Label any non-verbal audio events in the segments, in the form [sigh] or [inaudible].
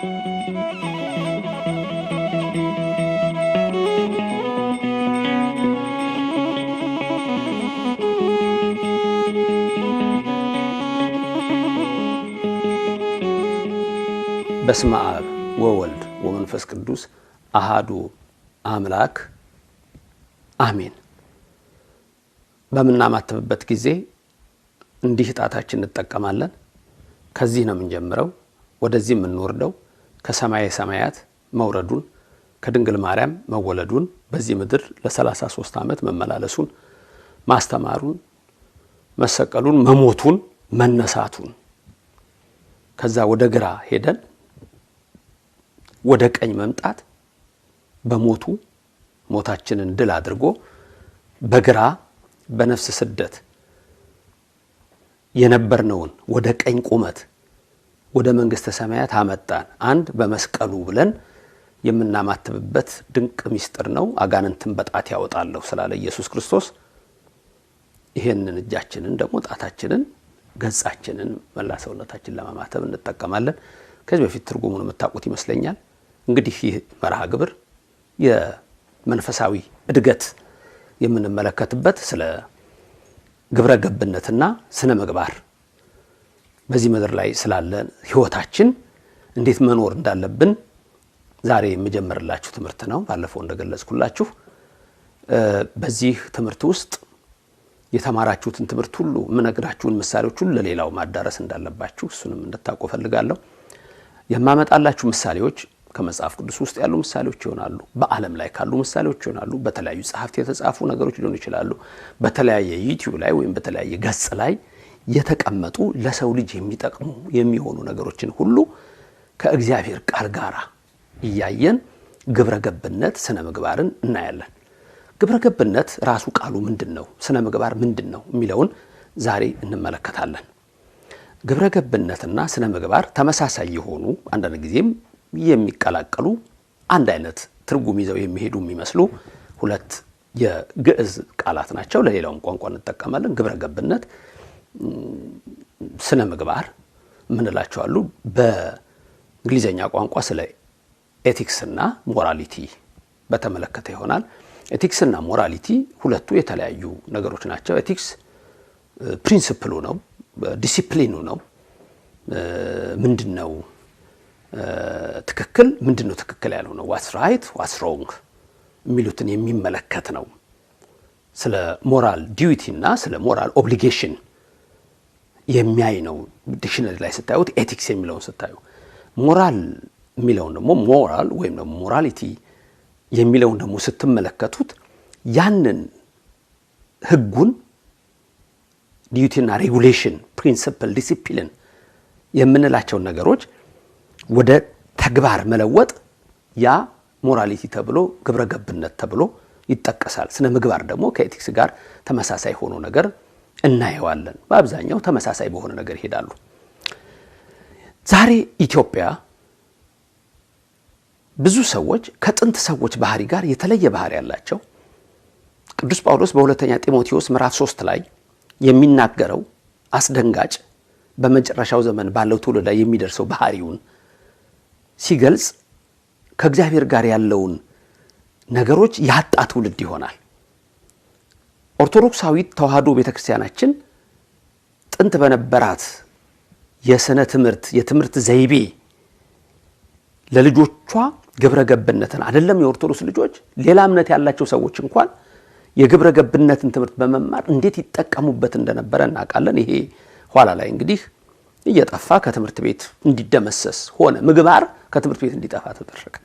በስመ አብ ወወልድ ወመንፈስ ቅዱስ አሃዱ አምላክ አሜን። በምናማትብበት ጊዜ እንዲህ ጣታችን እንጠቀማለን። ከዚህ ነው የምንጀምረው፣ ወደዚህ የምንወርደው ከሰማይ ሰማያት መውረዱን ከድንግል ማርያም መወለዱን በዚህ ምድር ለ33 ዓመት መመላለሱን ማስተማሩን መሰቀሉን መሞቱን መነሳቱን ከዛ ወደ ግራ ሄደን ወደ ቀኝ መምጣት በሞቱ ሞታችንን ድል አድርጎ በግራ በነፍስ ስደት የነበርነውን ወደ ቀኝ ቁመት ወደ መንግስተ ሰማያት አመጣን። አንድ በመስቀሉ ብለን የምናማትብበት ድንቅ ሚስጥር ነው። አጋንንትን በጣት ያወጣለሁ ስላለ ኢየሱስ ክርስቶስ ይህንን እጃችንን ደግሞ ጣታችንን፣ ገጻችንን መላ ሰውነታችን ለማማተብ እንጠቀማለን። ከዚህ በፊት ትርጉሙን የምታውቁት ይመስለኛል። እንግዲህ ይህ መርሃ ግብር የመንፈሳዊ እድገት የምንመለከትበት ስለ ግብረ ገብነትና ስነ ምግባር በዚህ ምድር ላይ ስላለ ህይወታችን እንዴት መኖር እንዳለብን ዛሬ የምጀምርላችሁ ትምህርት ነው። ባለፈው እንደገለጽኩላችሁ በዚህ ትምህርት ውስጥ የተማራችሁትን ትምህርት ሁሉ የምነግራችሁን ምሳሌዎች ሁሉ ለሌላው ማዳረስ እንዳለባችሁ እሱንም እንድታውቁ እፈልጋለሁ። የማመጣላችሁ ምሳሌዎች ከመጽሐፍ ቅዱስ ውስጥ ያሉ ምሳሌዎች ይሆናሉ። በዓለም ላይ ካሉ ምሳሌዎች ይሆናሉ። በተለያዩ ጸሐፍት የተጻፉ ነገሮች ሊሆኑ ይችላሉ። በተለያየ ዩቲዩብ ላይ ወይም በተለያየ ገጽ ላይ የተቀመጡ ለሰው ልጅ የሚጠቅሙ የሚሆኑ ነገሮችን ሁሉ ከእግዚአብሔር ቃል ጋር እያየን ግብረ ገብነት ስነ ምግባርን እናያለን። ግብረ ገብነት ራሱ ቃሉ ምንድን ነው፣ ስነ ምግባር ምንድን ነው የሚለውን ዛሬ እንመለከታለን። ግብረ ገብነትና ስነ ምግባር ተመሳሳይ የሆኑ አንዳንድ ጊዜም የሚቀላቀሉ አንድ አይነት ትርጉም ይዘው የሚሄዱ የሚመስሉ ሁለት የግዕዝ ቃላት ናቸው። ለሌላውም ቋንቋ እንጠቀማለን። ግብረ ገብነት ስነ ምግባር የምንላቸው አሉ። በእንግሊዝኛ ቋንቋ ስለ ኤቲክስና ሞራሊቲ በተመለከተ ይሆናል። ኤቲክስና ሞራሊቲ ሁለቱ የተለያዩ ነገሮች ናቸው። ኤቲክስ ፕሪንስፕሉ ነው፣ ዲሲፕሊኑ ነው። ምንድን ነው ትክክል፣ ምንድን ነው ትክክል ያለው ነው፣ ዋስ ራይት ዋስ ሮንግ የሚሉትን የሚመለከት ነው። ስለ ሞራል ዲዩቲ እና ስለ ሞራል ኦብሊጌሽን የሚያይ ነው። ዲክሽነሪ ላይ ስታዩት ኤቲክስ የሚለውን ስታዩ ሞራል የሚለውን ደግሞ ሞራል ወይም ደግሞ ሞራሊቲ የሚለውን ደግሞ ስትመለከቱት ያንን ህጉን ዲዩቲና ሬጉሌሽን ፕሪንስፕል ዲሲፕሊን የምንላቸውን ነገሮች ወደ ተግባር መለወጥ ያ ሞራሊቲ ተብሎ ግብረ ገብነት ተብሎ ይጠቀሳል። ስነ ምግባር ደግሞ ከኤቲክስ ጋር ተመሳሳይ ሆኖ ነገር እናየዋለን። በአብዛኛው ተመሳሳይ በሆነ ነገር ይሄዳሉ። ዛሬ ኢትዮጵያ ብዙ ሰዎች ከጥንት ሰዎች ባህሪ ጋር የተለየ ባህሪ ያላቸው ቅዱስ ጳውሎስ በሁለተኛ ጢሞቴዎስ ምዕራፍ 3 ላይ የሚናገረው አስደንጋጭ በመጨረሻው ዘመን ባለው ትውልድ ላይ የሚደርሰው ባህሪውን ሲገልጽ ከእግዚአብሔር ጋር ያለውን ነገሮች ያጣ ትውልድ ይሆናል። ኦርቶዶክሳዊት ተዋህዶ ቤተክርስቲያናችን ጥንት በነበራት የስነ ትምህርት የትምህርት ዘይቤ ለልጆቿ ግብረ ገብነትን አይደለም የኦርቶዶክስ ልጆች ሌላ እምነት ያላቸው ሰዎች እንኳን የግብረ ገብነትን ትምህርት በመማር እንዴት ይጠቀሙበት እንደነበረ እናውቃለን። ይሄ ኋላ ላይ እንግዲህ እየጠፋ ከትምህርት ቤት እንዲደመሰስ ሆነ። ምግባር ከትምህርት ቤት እንዲጠፋ ተደረገ።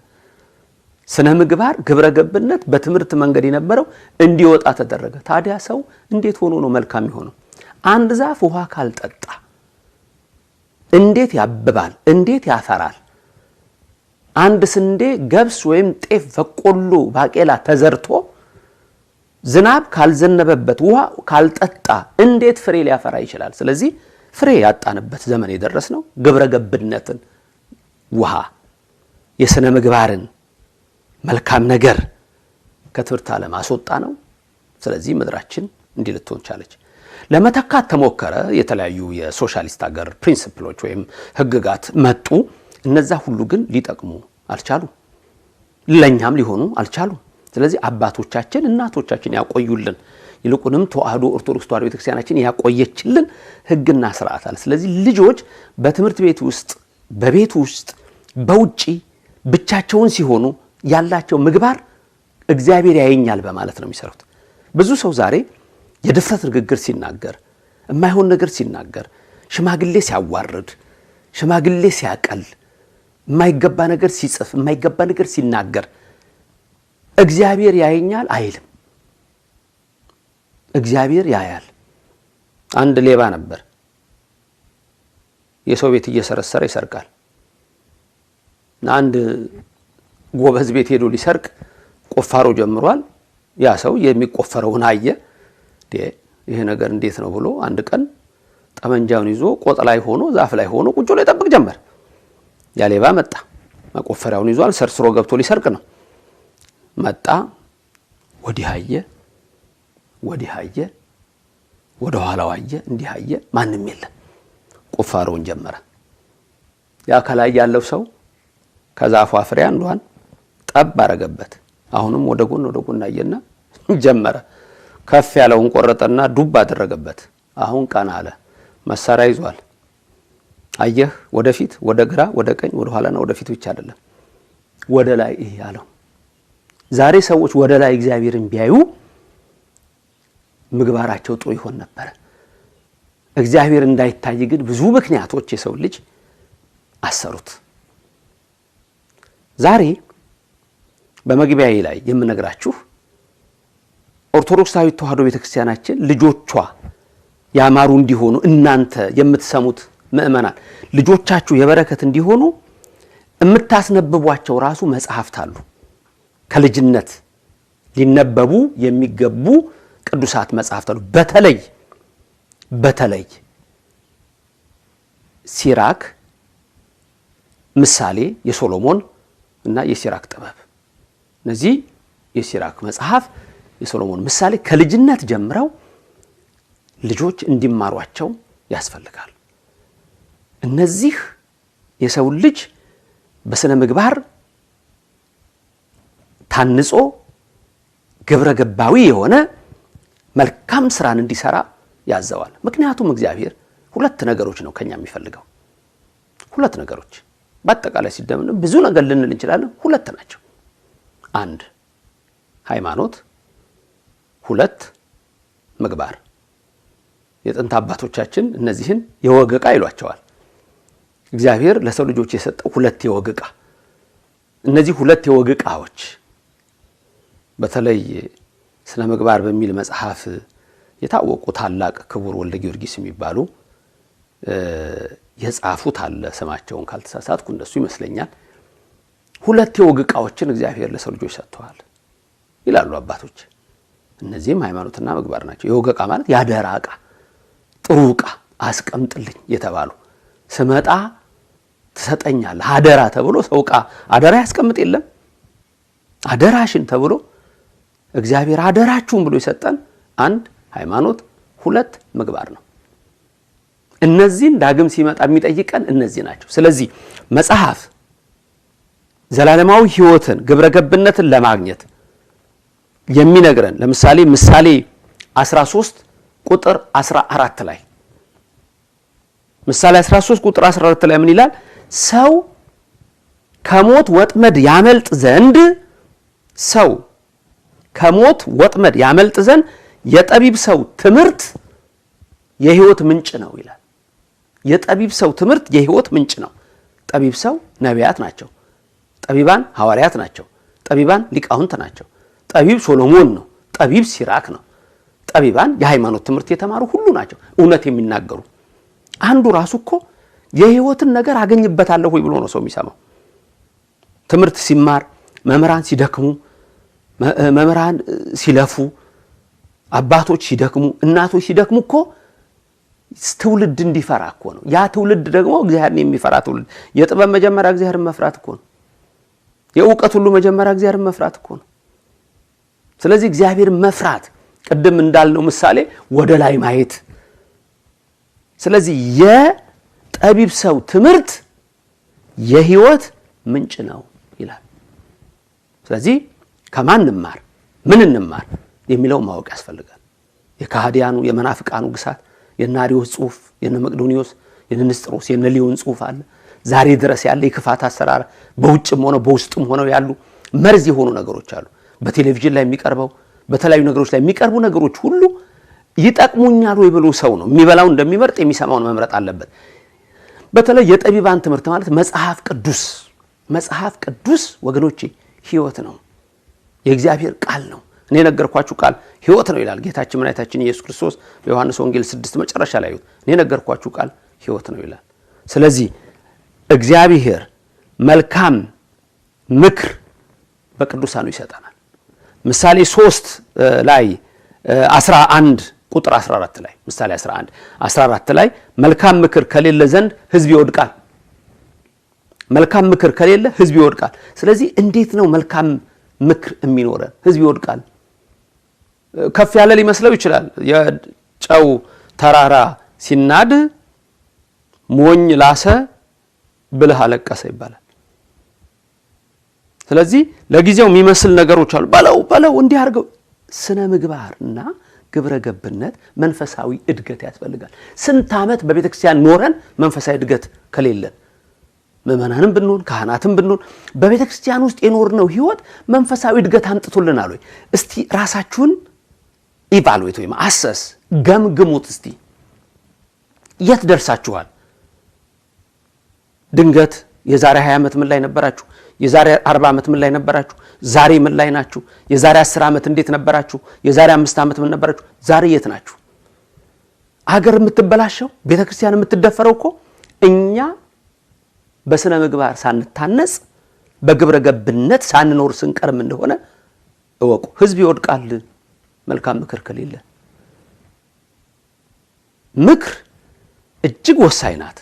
ስነ ምግባር፣ ግብረ ገብነት በትምህርት መንገድ የነበረው እንዲወጣ ተደረገ። ታዲያ ሰው እንዴት ሆኖ ነው መልካም የሆነው? አንድ ዛፍ ውሃ ካልጠጣ እንዴት ያብባል? እንዴት ያፈራል? አንድ ስንዴ፣ ገብስ፣ ወይም ጤፍ፣ በቆሎ፣ ባቄላ ተዘርቶ ዝናብ ካልዘነበበት ውሃ ካልጠጣ እንዴት ፍሬ ሊያፈራ ይችላል? ስለዚህ ፍሬ ያጣንበት ዘመን የደረስ ነው። ግብረ ገብነትን፣ ውሃ፣ የሥነ ምግባርን መልካም ነገር ከትምህርት ዓለም አስወጣ ነው። ስለዚህ ምድራችን እንዲህ ልትሆን ቻለች። ለመተካት ተሞከረ። የተለያዩ የሶሻሊስት ሀገር ፕሪንስፕሎች ወይም ህግጋት መጡ። እነዛ ሁሉ ግን ሊጠቅሙ አልቻሉ ለእኛም ሊሆኑ አልቻሉ ስለዚህ አባቶቻችን እናቶቻችን ያቆዩልን ይልቁንም ተዋህዶ ኦርቶዶክስ ተዋህዶ ቤተክርስቲያናችን ያቆየችልን ህግና ስርዓት አለ። ስለዚህ ልጆች በትምህርት ቤት ውስጥ፣ በቤት ውስጥ፣ በውጪ ብቻቸውን ሲሆኑ ያላቸው ምግባር እግዚአብሔር ያየኛል በማለት ነው የሚሰሩት። ብዙ ሰው ዛሬ የድፍረት ንግግር ሲናገር፣ የማይሆን ነገር ሲናገር፣ ሽማግሌ ሲያዋርድ፣ ሽማግሌ ሲያቀል፣ የማይገባ ነገር ሲጽፍ፣ የማይገባ ነገር ሲናገር እግዚአብሔር ያየኛል አይልም። እግዚአብሔር ያያል። አንድ ሌባ ነበር። የሰው ቤት እየሰረሰረ ይሰርቃል። አንድ ጎበዝ ቤት ሄዶ ሊሰርቅ ቁፋሮ ጀምሯል። ያ ሰው የሚቆፈረውን አየ። ይሄ ነገር እንዴት ነው ብሎ አንድ ቀን ጠመንጃውን ይዞ ቆጥ ላይ ሆኖ ዛፍ ላይ ሆኖ ቁጭ ብሎ ይጠብቅ ጀመር። ያ ሌባ መጣ። መቆፈሪያውን ይዟል። ሰርስሮ ገብቶ ሊሰርቅ ነው። መጣ። ወዲህ አየ፣ ወዲህ አየ፣ ወደ ኋላው አየ፣ እንዲህ አየ። ማንም የለም። ቁፋሮውን ጀመረ። ያ ከላይ ያለው ሰው ከዛፏ ፍሬ አንዷን ጠብ አረገበት። አሁንም ወደ ጎን ወደ ጎን አየና [laughs] ጀመረ። ከፍ ያለውን ቆረጠና ዱብ አደረገበት። አሁን ቀና አለ። መሳሪያ ይዟል። አየህ፣ ወደፊት ወደ ግራ ወደ ቀኝ ወደ ኋላና ወደፊት ብቻ አይደለም፣ ወደ ላይ ይሄ አለው። ዛሬ ሰዎች ወደ ላይ እግዚአብሔርን ቢያዩ ምግባራቸው ጥሩ ይሆን ነበረ። እግዚአብሔር እንዳይታይ ግን ብዙ ምክንያቶች የሰው ልጅ አሰሩት። ዛሬ በመግቢያዬ ላይ የምነግራችሁ ኦርቶዶክሳዊት ተዋህዶ ቤተክርስቲያናችን ልጆቿ ያማሩ እንዲሆኑ እናንተ የምትሰሙት ምእመናን ልጆቻችሁ የበረከት እንዲሆኑ የምታስነብቧቸው ራሱ መጽሐፍት አሉ። ከልጅነት ሊነበቡ የሚገቡ ቅዱሳት መጽሐፍት አሉ። በተለይ በተለይ ሲራክ፣ ምሳሌ፣ የሶሎሞን እና የሲራክ ጥበብ እነዚህ የሲራክ መጽሐፍ የሶሎሞን ምሳሌ ከልጅነት ጀምረው ልጆች እንዲማሯቸው ያስፈልጋል። እነዚህ የሰው ልጅ በስነ ምግባር ታንጾ ግብረ ገባዊ የሆነ መልካም ስራን እንዲሰራ ያዘዋል። ምክንያቱም እግዚአብሔር ሁለት ነገሮች ነው ከኛ የሚፈልገው። ሁለት ነገሮች በአጠቃላይ ሲደመን ብዙ ነገር ልንል እንችላለን፣ ሁለት ናቸው። አንድ ሃይማኖት፣ ሁለት ምግባር። የጥንት አባቶቻችን እነዚህን የወግ ዕቃ ይሏቸዋል። እግዚአብሔር ለሰው ልጆች የሰጠው ሁለት የወግ ዕቃ። እነዚህ ሁለት የወግ ዕቃዎች በተለይ ስነ ምግባር በሚል መጽሐፍ የታወቁ ታላቅ ክቡር ወልደ ጊዮርጊስ የሚባሉ የጻፉት አለ። ስማቸውን ካልተሳሳትኩ እነሱ ይመስለኛል። ሁለት የወግ እቃዎችን እግዚአብሔር ለሰው ልጆች ሰጥተዋል ይላሉ አባቶች። እነዚህም ሃይማኖትና ምግባር ናቸው። የወግ እቃ ማለት ያደራ እቃ ጥሩ እቃ አስቀምጥልኝ የተባሉ ስመጣ ትሰጠኛለህ አደራ ተብሎ ሰው እቃ አደራ ያስቀምጥ የለም አደራሽን ተብሎ እግዚአብሔር አደራችሁን ብሎ የሰጠን አንድ ሃይማኖት፣ ሁለት ምግባር ነው። እነዚህን ዳግም ሲመጣ የሚጠይቀን እነዚህ ናቸው። ስለዚህ መጽሐፍ ዘላለማዊ ህይወትን ግብረገብነትን ለማግኘት የሚነግረን ለምሳሌ ምሳሌ 13 ቁጥር 14 ላይ ምሳሌ 13 ቁጥር 14 ላይ ምን ይላል? ሰው ከሞት ወጥመድ ያመልጥ ዘንድ ሰው ከሞት ወጥመድ ያመልጥ ዘንድ የጠቢብ ሰው ትምህርት የህይወት ምንጭ ነው ይላል። የጠቢብ ሰው ትምህርት የህይወት ምንጭ ነው። ጠቢብ ሰው ነቢያት ናቸው። ጠቢባን ሐዋርያት ናቸው። ጠቢባን ሊቃውንት ናቸው። ጠቢብ ሶሎሞን ነው። ጠቢብ ሲራክ ነው። ጠቢባን የሃይማኖት ትምህርት የተማሩ ሁሉ ናቸው። እውነት የሚናገሩ አንዱ ራሱ እኮ የህይወትን ነገር አገኝበታለሁ ወይ ብሎ ነው ሰው የሚሰማው። ትምህርት ሲማር መምህራን ሲደክሙ፣ መምህራን ሲለፉ፣ አባቶች ሲደክሙ፣ እናቶች ሲደክሙ እኮ ትውልድ እንዲፈራ እኮ ነው። ያ ትውልድ ደግሞ እግዚአብሔርን የሚፈራ ትውልድ። የጥበብ መጀመሪያ እግዚአብሔርን መፍራት እኮ ነው። የእውቀት ሁሉ መጀመሪያ እግዚአብሔር መፍራት እኮ ነው። ስለዚህ እግዚአብሔር መፍራት ቅድም እንዳልነው ምሳሌ ወደ ላይ ማየት። ስለዚህ የጠቢብ ሰው ትምህርት የህይወት ምንጭ ነው ይላል። ስለዚህ ከማን እንማር፣ ምን እንማር የሚለው ማወቅ ያስፈልጋል። የካህዲያኑ የመናፍቃኑ ግሳት የነ አርዮስ ጽሁፍ የነ መቅዶኒዎስ የነ ንስጥሮስ የነ ሊዮን ጽሁፍ አለ። ዛሬ ድረስ ያለ የክፋት አሰራር በውጭም ሆነው በውስጥም ሆነው ያሉ መርዝ የሆኑ ነገሮች አሉ። በቴሌቪዥን ላይ የሚቀርበው በተለያዩ ነገሮች ላይ የሚቀርቡ ነገሮች ሁሉ ይጠቅሙኛል ወይ ብሎ ሰው ነው የሚበላው እንደሚመርጥ የሚሰማውን መምረጥ አለበት። በተለይ የጠቢባን ትምህርት ማለት መጽሐፍ ቅዱስ መጽሐፍ ቅዱስ ወገኖቼ ህይወት ነው፣ የእግዚአብሔር ቃል ነው። እኔ የነገርኳችሁ ቃል ህይወት ነው ይላል ጌታችን መድኃኒታችን ኢየሱስ ክርስቶስ በዮሐንስ ወንጌል ስድስት መጨረሻ ላይ እኔ የነገርኳችሁ ቃል ህይወት ነው ይላል። ስለዚህ እግዚአብሔር መልካም ምክር በቅዱሳኑ ይሰጠናል። ምሳሌ 3 ላይ 11 ቁጥር 14 ላይ ምሳሌ 11 14 ላይ መልካም ምክር ከሌለ ዘንድ ህዝብ ይወድቃል። መልካም ምክር ከሌለ ህዝብ ይወድቃል። ስለዚህ እንዴት ነው መልካም ምክር የሚኖረ ህዝብ ይወድቃል። ከፍ ያለ ሊመስለው ይችላል። የጨው ተራራ ሲናድ ሞኝ ላሰ ብለህ አለቀሰ ይባላል። ስለዚህ ለጊዜው የሚመስል ነገሮች አሉ። በለው በለው እንዲህ አድርገው። ስነ ምግባር እና ግብረ ገብነት መንፈሳዊ እድገት ያስፈልጋል። ስንት ዓመት በቤተ ክርስቲያን ኖረን መንፈሳዊ እድገት ከሌለን ምእመናንም ብንሆን ካህናትም ብንሆን በቤተ ክርስቲያን ውስጥ የኖርነው ህይወት መንፈሳዊ እድገት አምጥቶልን አሉ። እስቲ ራሳችሁን ኢቫሉዌት ወይም አሰስ ገምግሙት። እስቲ የት ደርሳችኋል? ድንገት የዛሬ 20 ዓመት ምን ላይ ነበራችሁ? የዛሬ 40 ዓመት ምን ላይ ነበራችሁ? ዛሬ ምን ላይ ናችሁ? የዛሬ 10 ዓመት እንዴት ነበራችሁ? የዛሬ አምስት ዓመት ምን ነበራችሁ? ዛሬ የት ናችሁ? አገር የምትበላሸው ቤተክርስቲያን የምትደፈረው እኮ እኛ በስነ ምግባር ሳንታነጽ በግብረ ገብነት ሳንኖር ስንቀርም እንደሆነ እወቁ። ህዝብ ይወድቃል፣ መልካም ምክር ከሌለ። ምክር እጅግ ወሳኝ ናት።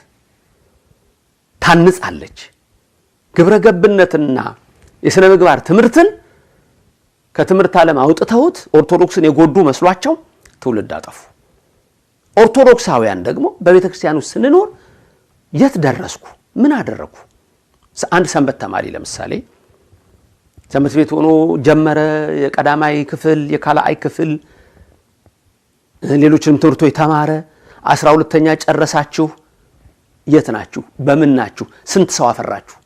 ታንጻለች። ግብረ ገብነትና የሥነ ምግባር ትምህርትን ከትምህርት ዓለም አውጥተውት ኦርቶዶክስን የጎዱ መስሏቸው ትውልድ አጠፉ። ኦርቶዶክሳውያን ደግሞ በቤተ ክርስቲያን ውስጥ ስንኖር የት ደረስኩ? ምን አደረግኩ? አንድ ሰንበት ተማሪ ለምሳሌ ትምህርት ቤት ሆኖ ጀመረ። የቀዳማይ ክፍል፣ የካላአይ ክፍል፣ ሌሎችንም ትምህርቶች ተማረ። አስራ ሁለተኛ ጨረሳችሁ የት ናችሁ? በምን ናችሁ? ስንት ሰው አፈራችሁ?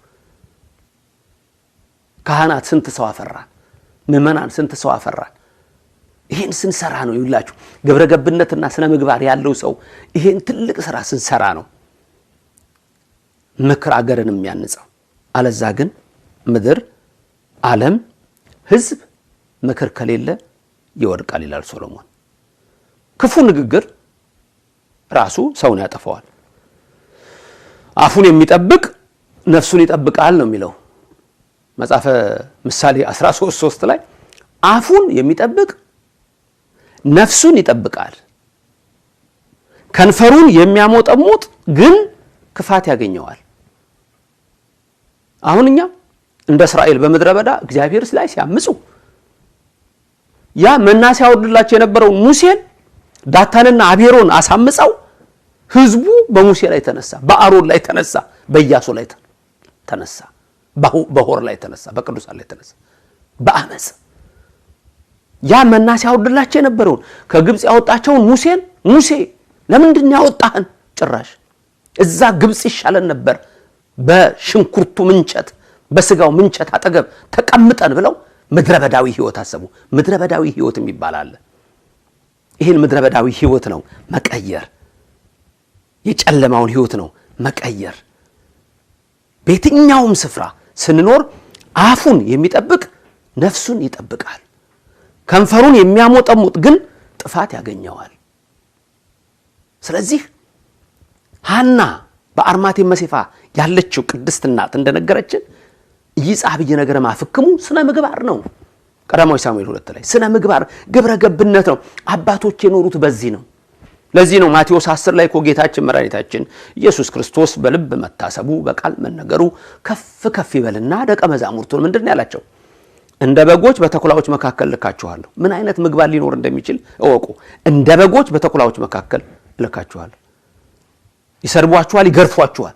ካህናት ስንት ሰው አፈራ? ምዕመናን ስንት ሰው አፈራ? ይህን ስንሰራ ነው ይላችሁ። ግብረ ገብነትና ስነ ምግባር ያለው ሰው ይህን ትልቅ ስራ ስንሰራ ነው ምክር አገርን የሚያንጸው። አለዛ ግን ምድር፣ ዓለም፣ ህዝብ ምክር ከሌለ ይወድቃል ይላል ሶሎሞን። ክፉ ንግግር ራሱ ሰውን ያጠፈዋል። አፉን የሚጠብቅ ነፍሱን ይጠብቃል ነው የሚለው መጽሐፈ ምሳሌ 13 3 ላይ አፉን የሚጠብቅ ነፍሱን ይጠብቃል፣ ከንፈሩን የሚያሞጠሙጥ ግን ክፋት ያገኘዋል። አሁን እኛ እንደ እስራኤል በምድረ በዳ እግዚአብሔር ላይ ሲያምፁ ያ መና ሲያወርድላቸው የነበረውን ሙሴን ዳታንና አቤሮን አሳምፀው ህዝቡ በሙሴ ላይ ተነሳ፣ በአሮን ላይ ተነሳ፣ በኢያሱ ላይ ተነሳ፣ በሆር ላይ ተነሳ፣ በቅዱሳን ላይ ተነሳ። በአመፅ ያ መና ሲያወርድላቸው የነበረውን ከግብፅ ያወጣቸውን ሙሴን ሙሴ ለምንድን ያወጣህን? ጭራሽ እዛ ግብፅ ይሻለን ነበር በሽንኩርቱ ምንጨት በስጋው ምንጨት አጠገብ ተቀምጠን ብለው ምድረ በዳዊ ህይወት አሰቡ። ምድረ በዳዊ ህይወት የሚባል አለ። ይህን ምድረ በዳዊ ህይወት ነው መቀየር የጨለማውን ህይወት ነው መቀየር። በየትኛውም ስፍራ ስንኖር አፉን የሚጠብቅ ነፍሱን ይጠብቃል። ከንፈሩን የሚያሞጠሙጥ ግን ጥፋት ያገኘዋል። ስለዚህ ሀና በአርማቴ መሴፋ ያለችው ቅድስት እናት እንደነገረችን እይጻብ እየነገረ ማፍክሙ ስነ ምግባር ነው። ቀዳማዊ ሳሙኤል ሁለት ላይ ስነ ምግባር ግብረ ገብነት ነው። አባቶች የኖሩት በዚህ ነው። ለዚህ ነው ማቴዎስ 10 ላይ እኮ ጌታችን መድኃኒታችን ኢየሱስ ክርስቶስ በልብ መታሰቡ በቃል መነገሩ ከፍ ከፍ ይበልና ደቀ መዛሙርቱን ምንድን ነው ያላቸው? እንደ በጎች በተኩላዎች መካከል ልካችኋለሁ። ምን አይነት ምግባር ሊኖር እንደሚችል እወቁ። እንደ በጎች በተኩላዎች መካከል ልካችኋለሁ። ይሰድቧችኋል፣ ይገርፏችኋል፣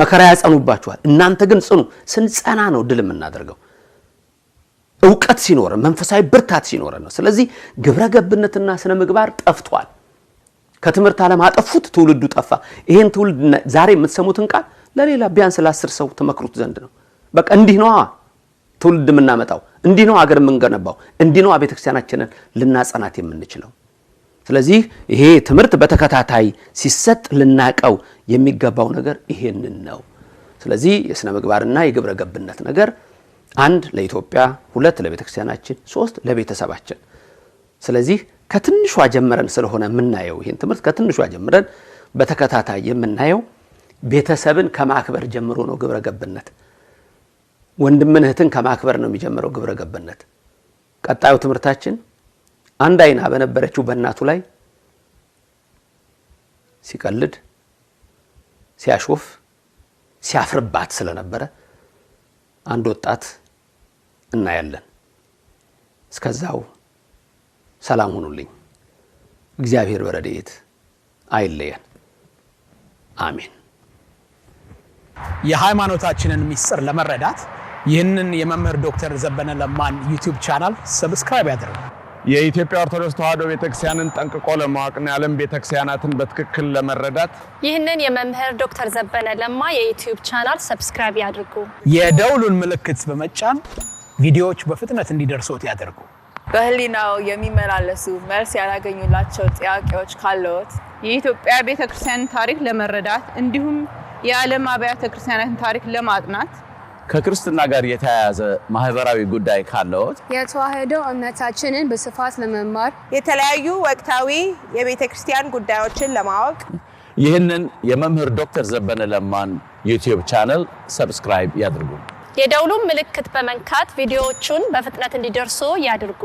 መከራ ያጸኑባችኋል። እናንተ ግን ጽኑ። ስንጸና ነው ድል የምናደርገው። እውቀት ሲኖረን መንፈሳዊ ብርታት ሲኖረን ነው። ስለዚህ ግብረ ገብነትና ስነ ምግባር ጠፍቷል። ከትምህርት ዓለም አጠፉት፣ ትውልዱ ጠፋ። ይሄን ትውልድ ዛሬ የምትሰሙትን ቃል ለሌላ ቢያንስ ለአስር ሰው ተመክሩት ዘንድ ነው። በቃ እንዲህ ነዋ ትውልድ የምናመጣው፣ እንዲህ ነው አገር የምንገነባው፣ እንዲህ ነዋ ቤተክርስቲያናችንን ልናጸናት የምንችለው። ስለዚህ ይሄ ትምህርት በተከታታይ ሲሰጥ ልናቀው የሚገባው ነገር ይሄንን ነው። ስለዚህ የሥነ ምግባርና የግብረ ገብነት ነገር አንድ ለኢትዮጵያ፣ ሁለት ለቤተ ክርስቲያናችን፣ ሶስት ለቤተሰባችን። ስለዚህ ከትንሿ ጀምረን ስለሆነ የምናየው ይህን ትምህርት ከትንሿ ጀምረን በተከታታይ የምናየው ቤተሰብን ከማክበር ጀምሮ ነው ግብረ ገብነት። ወንድምን እህትን ከማክበር ነው የሚጀምረው ግብረ ገብነት። ቀጣዩ ትምህርታችን አንድ አይና በነበረችው በእናቱ ላይ ሲቀልድ፣ ሲያሾፍ፣ ሲያፍርባት ስለነበረ አንድ ወጣት እናያለን። እስከዛው ሰላም ሁኑልኝ። እግዚአብሔር በረድኤት አይለየን። አሜን። የሃይማኖታችንን ምስጢር ለመረዳት ይህንን የመምህር ዶክተር ዘበነ ለማን ዩቲዩብ ቻናል ሰብስክራይብ ያደርጉ። የኢትዮጵያ ኦርቶዶክስ ተዋሕዶ ቤተክርስቲያንን ጠንቅቆ ለማወቅና የዓለም ቤተክርስቲያናትን በትክክል ለመረዳት ይህንን የመምህር ዶክተር ዘበነ ለማ የዩቲዩብ ቻናል ሰብስክራይብ ያድርጉ። የደውሉን ምልክት በመጫን ቪዲዮዎች በፍጥነት እንዲደርሶት ያደርጉ። በህሊናው የሚመላለሱ መልስ ያላገኙላቸው ጥያቄዎች ካለዎት የኢትዮጵያ ቤተ ክርስቲያን ታሪክ ለመረዳት እንዲሁም የዓለም አብያተ ክርስቲያናትን ታሪክ ለማጥናት ከክርስትና ጋር የተያያዘ ማህበራዊ ጉዳይ ካለዎት የተዋህዶ እምነታችንን በስፋት ለመማር የተለያዩ ወቅታዊ የቤተ ክርስቲያን ጉዳዮችን ለማወቅ ይህንን የመምህር ዶክተር ዘበነ ለማን ዩቲዩብ ቻነል ሰብስክራይብ ያድርጉ። የደውሉን ምልክት በመንካት ቪዲዮዎቹን በፍጥነት እንዲደርሱ ያድርጉ።